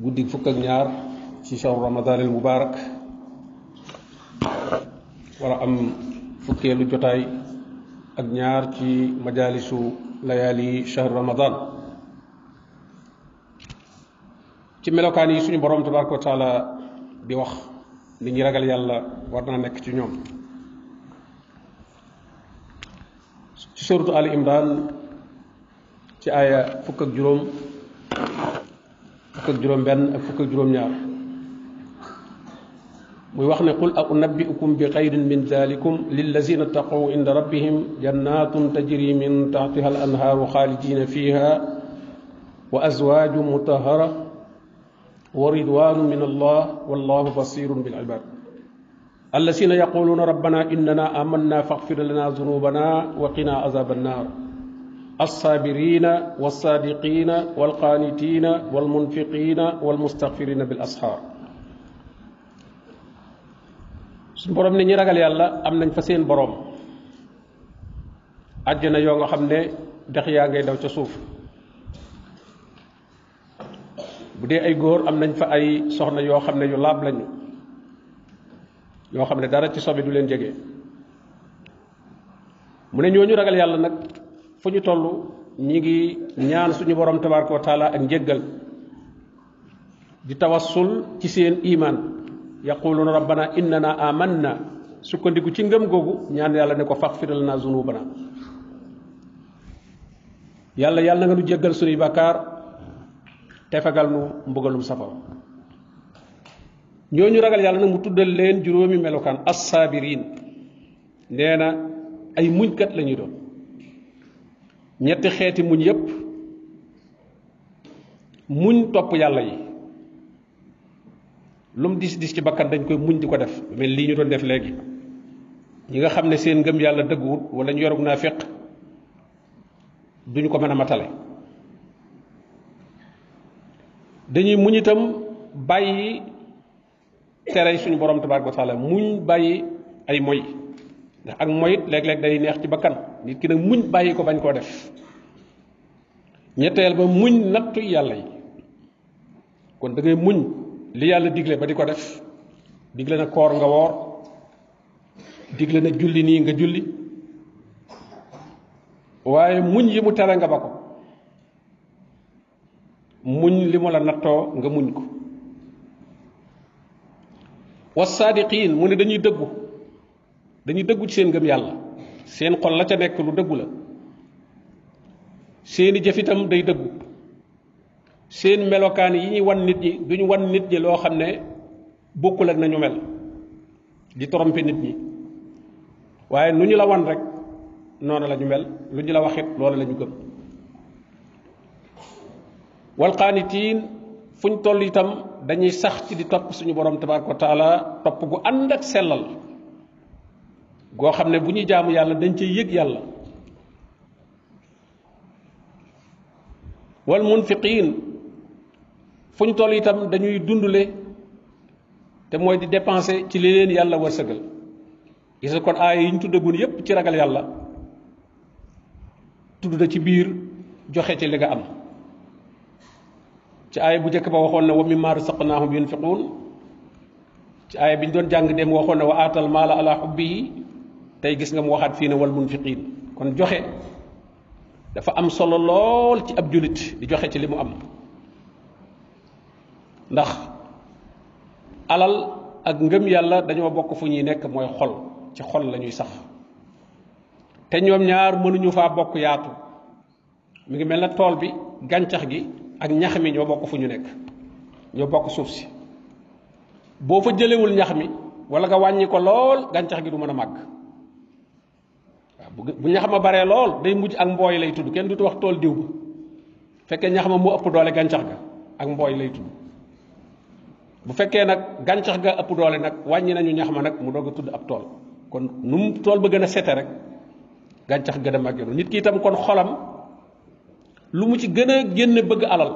guddi fukk ak ñaar ci shahru ramadanil mubaarak war a am fukkeelu jotaay ak ñaar ci majaalisu layaali shahru ramadan ci melokaan yi suñu borom tabaraka wa taala di wax li ñuy ragal yàlla war naa nekk ci ñoom ci suratu al imran ci aaya fukk ak juróom fukk ak juróom benn ak fukk ak juróom ñaar muy wax ne qul a unabbiukum bi xayrin min dalikum lillazina taqaw inda rabbihim jannatun tajri min taxtiha al anhaaru xaalidina fiha wa azwaaju mutahara wa ridwaanu min allah wallahu basirun bil ibad allazina yaquluuna rabbana innana amanna faxfir lana zunubana wa qina azaba annar wa alsaabiriina walsaadiqiina walqaanitiina walmunfiqiina walmustaxfiriina bi asxaar suñu borom ne ñi ragal yàlla am nañ fa seen borom àjjana yoo nga xam ne dex yaa ngay daw ca suuf bu dee ay góor am nañ fa ay soxna yoo xam ne yu laab lañu yoo xam ne dara ci sobe du leen jege mu ne ñooñu ragal yàlla nag fu ñu toll ñi ngi ñaan suñu boroom tabaraka wa ak njéggal di tawassul ci seen iman yaquluuna rabbana innana amanna sukkandiku ci ngëm googu ñaan yàlla ne ko faxfiral na zunubana yàlla yàlla nga nu jéggal suñuy bàkkaar te fegal nu mbugalum safara ñooñu ragal yàlla nag mu tuddal leen juróomi melokaan as saabiriin nee ay muñkat la ñuy doon ñetti xeeti muñ yépp muñ topp yàlla yi lu mu dis dis ci bakkan dañ koy muñ di ko def mel lii ñu doon def léegi ñi nga xam ne seen ngëm yàlla dëgguwut wala ñu yorug naa féq duñu ko mën a matale dañuy muñ itam bàyyi tere suñu borom tabaaraka wa taala muñ bàyyi ay moy ndax ak moyit léeg-léeg day neex ci bakkan nit ki nag muñ bàyyi ko bañ koo def ñetteel ba muñ nattu yàlla yi kon dangay muñ li yàlla digle ba di ko def digle na koor nga woor digle na julli nii nga julli waaye muñ yi mu tere nga ba ko muñ li mu la nattoo nga muñ ko wasaadiqiin mu ne dañuy dëggu dañuy dëggu ci seen ngëm yàlla seen xol la ca nekk lu dëggu la seeni jëf itam day dëggu seen melokaan yi ñuy wan nit ñi duñu wan nit ñi loo xam ne bokkul ak nañu mel di trompe nit ñi waaye lu ñu la wan rek noonu la ñu mel lu ñu la waxit loolu lañu gëm walqaanitiin fu fuñ toll itam dañuy sax ci di topp suñu borom tabaraka wa taala topp gu ànd ak sellal goo xam ne bu ñuy jaamu yàlla dañ cay yëg yàlla wal munfiqiin fu ñu toll itam dañuy dundule te mooy di dépenser ci li leen yàlla wërsëgal gis kon aay yi ñu tuddagun yépp ci ragal yàlla tudd da ci biir joxe ci li nga am ci aay bu njëkk ba waxoon na wa mimmaa razaqnaahum yunfiquun ci aay bi ñu doon jàng dem waxoon na wa aatal maala ala xubbihi tey gis nga mu waxaat fii ne wal munfiqiin kon joxe dafa am solo lool ci ab jullit di joxe ci li mu am ndax alal ak ngëm yàlla dañoo bokk fu ñuy nekk mooy xol ci xol la ñuy sax te ñoom ñaar mënuñu faa bokk yaatu mu ngi mel na tool bi gàncax gi ak ñax mi ñoo bokk fu ñu nekk ñoo bokk suuf si boo fa jëlewul ñax mi wala nga wàññi ko lool gàncax gi du mën a màgg bu ñax ma baree lool day mujj ak mbooy lay tudd kenn du tu wax tool diw ba fekkee ñax ma moo ëpp doole gàncax ga ak mbooy lay tudd bu fekkee nag gàncax ga ëpp doole nag wàññi nañu ñax ma nag mu doog a tudd ab tool kon nu tool ba gën a sete rek gàncax gën a màgge nit kii tam kon xolam lu mu ci gën a génn bëgg alal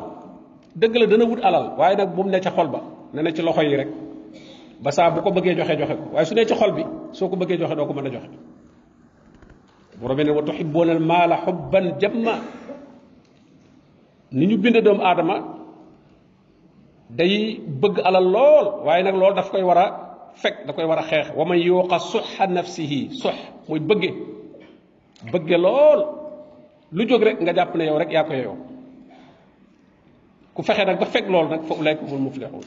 dëgg la dana wut alal waaye nag bu mu ne ca xol ba ne na ci loxo yi rek ba saa bu ko bëggee joxe joxe ko waaye su ne ci xol bi soo ko bëggee joxe doo ko mën a joxe borom ne wa tuhibbuuna al maala xubban jamma ni ñu binde doomu aadama day bëgg alal lool waaye nag loolu daf koy war a fekk da koy war a xeex wa man yuuqa suxa nafsihi sux muy bëgge bëgge lool lu jóg rek nga jàpp ne yow rek yaa ko yow ku fexe nag ba fekk loolu nag fa ulaayka humul muflixuun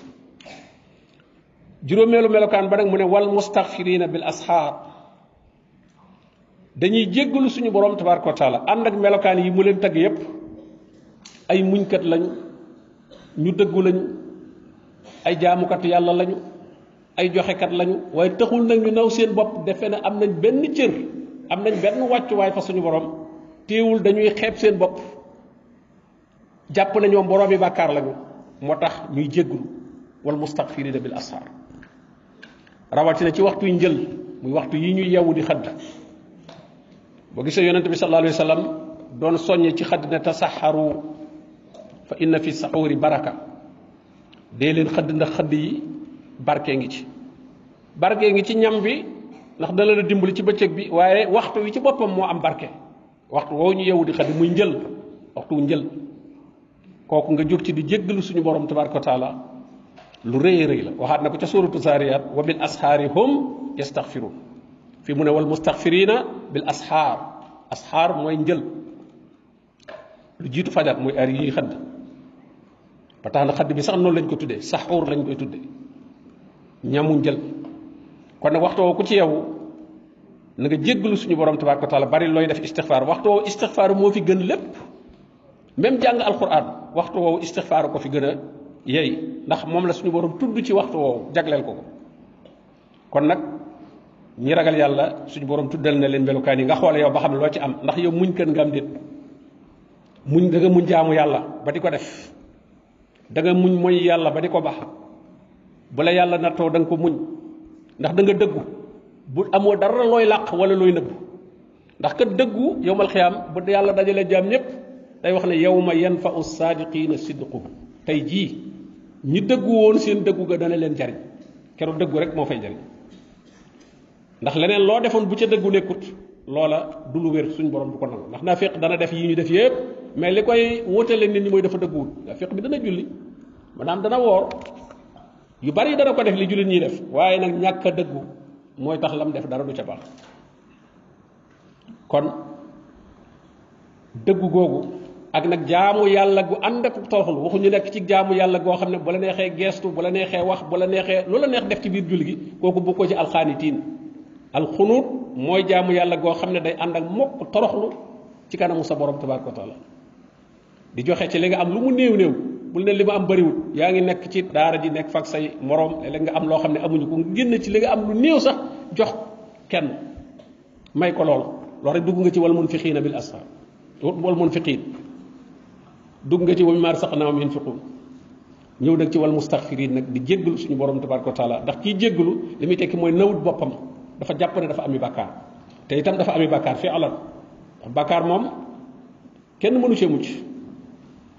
juróomeelu melokaan ba nag mu ne wal mustaxfirina bil asxaar dañuy jéggalu suñu borom tabaaraka wa taala ànd ak melokaan yi mu leen tagg yépp ay muñkat lañ ñu dëggu lañ ay jaamukat yàlla lañu ay joxekat lañu waaye taxul nag ñu naw seen bopp defe na am nañ benn cër am nañ benn wàccuwaay fa suñu borom téewul dañuy xeeb seen bopp jàpp ne ñoom borom bàkkaar lañu moo tax ñuy jégglu wal mustaqfirina bil ashaar rawatina ci waxtu njël muy waxtu yi ñuy yewwu di xadd boo gisee yonent bi sallallahu alayhi wa doon soññe ci xadd ne tasaxaru fa inna fi saxuuri baraka dee leen xadd ndax xadd yi barke ngi ci barke ngi ci ñam bi ndax dana la dimbali ci bëccëg bi waaye waxtu wi ci boppam moo am barke waxtu woowu ñu yeewu di xadd muy njël waxtu wu njël kooku nga jóg ci di lu suñu borom tabaraka wa taala lu rëy rëy la waxaat na ko ca suuratu zaariyaat wa bil asxaari hum yastaxfiruun fi mu ne wal mustaxfirina bil asxaar asxaar mooy njël lu jiitu fajar muy heure yi xadd ba tax na xadd bi sax noonu lañ ko tuddee saxuur lañ koy tuddee ñamu njël kon nag waxtu woo ku ci yow na nga jéggalu suñu boroom tabaaraka wa taala bari looy def istixfaar waxtu woowu istixfaar moo fi gën lépp même jàng alquran waxtu woowu istixfaar ko fi gën a yeey ndax moom la suñu borom tudd ci waxtu woowu jagleel ko ko kon nag ñi ragal yàlla suñu borom tuddal na leen melukaan yi nga xoole yow ba xam loo ci am ndax yow muñ kën nga am muñ da muñ jaamu yàlla ba di ko def danga nga muñ mooy yàlla ba di ko bax bu la yàlla nattoo da nga ko muñ ndax da nga dëggu bu amoo dara looy làq wala looy nëbb ndax kat dëggu yow xiyaam bu yàlla dajale jaam ñëpp day wax ne yow ma yawma yanfa'u saadiqiina sidqu tey jii ñi dëggu woon seen dëggu ga dana leen jariñ keroog dëggu rek moo fay jariñ ndax leneen loo defoon bu ca dëggu nekkut loola du lu wér suñ borom du ko nangu ndax naa féq dana def yi ñu def yépp mais li koy wóotale nit ñi mooy dafa dëgguwut naa féq bi dana julli maanaam dana woor yu bari dana ko def li jullit ñuy def waaye nag ñàkk a dëggu mooy tax lam def dara du ca baax kon dëggu googu ak nag jaamu yàlla gu ànd ak tooxlu waxu ñu nekk ci jaamu yàlla goo xam ne bu la neexee geestu bu la neexee wax bu la neexee lu la neex def ci biir julli kooku bu ko ci alxaanitiin alxunuut mooy jaamu yàlla goo xam ne day ànd ak mokk toroxlu ci kanamu sa borom tabaaraka wa di joxe ci li nga am lu mu néew néew bu ne li ma am bariwul yaa ngi nekk ci daara ji nekk fak say moroom la léeg nga am loo xam ne amuñu ko génn ci li nga am lu néew sax jox kenn may ko loolu loolu rek dugg nga ci wal munfiqiina bil asfaar wal munfiqiin dugg nga ci wa mimmaa razaqnaahum yunfiquun ñëw nag ci wal mustaxfiriin nag di jéggalu suñu borom tabaaraka wa taala ndax kii jéggalu li muy tekki mooy nawut boppam dafa jàpp dafa ami bàkkaar te itam dafa ami bàkkaar fi alal ndax moom kenn mënu cee mucc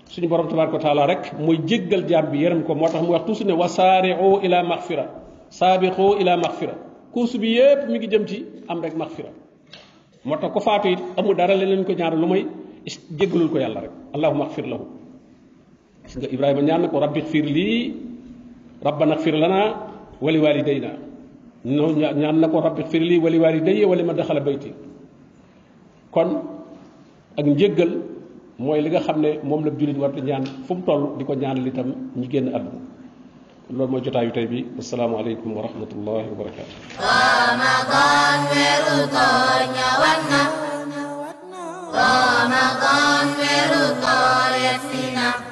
suñu borom tabaraka wa mooy jéggal jaam bi ko moo tax mu wax tuuti ne wasaari'u ila maxfira saabiqu ila maxfira course bi yépp mi ngi jëm ci am rek maxfira moo tax ko faatu it amul dara leneen ko ñaar lu may jéggalul ko yàlla rek allahumma axfir lahu gis nga Ibrahima ñaan ko rabbi xfir lii rabbana xfir lana wali walidayna no ñaan na ko rabbi firli wali walidayya wali ma daxala bayti kon ak njëggal mooy li nga xam ne moom la jullit war di ñaan fu mu di ko ñaanal itam ñi génn àdduna loolu mooy jotaayu tey bi asalaamaaleykum wa rahmatullahi wa barakaatu. Ramadan weeru koor ñëwaat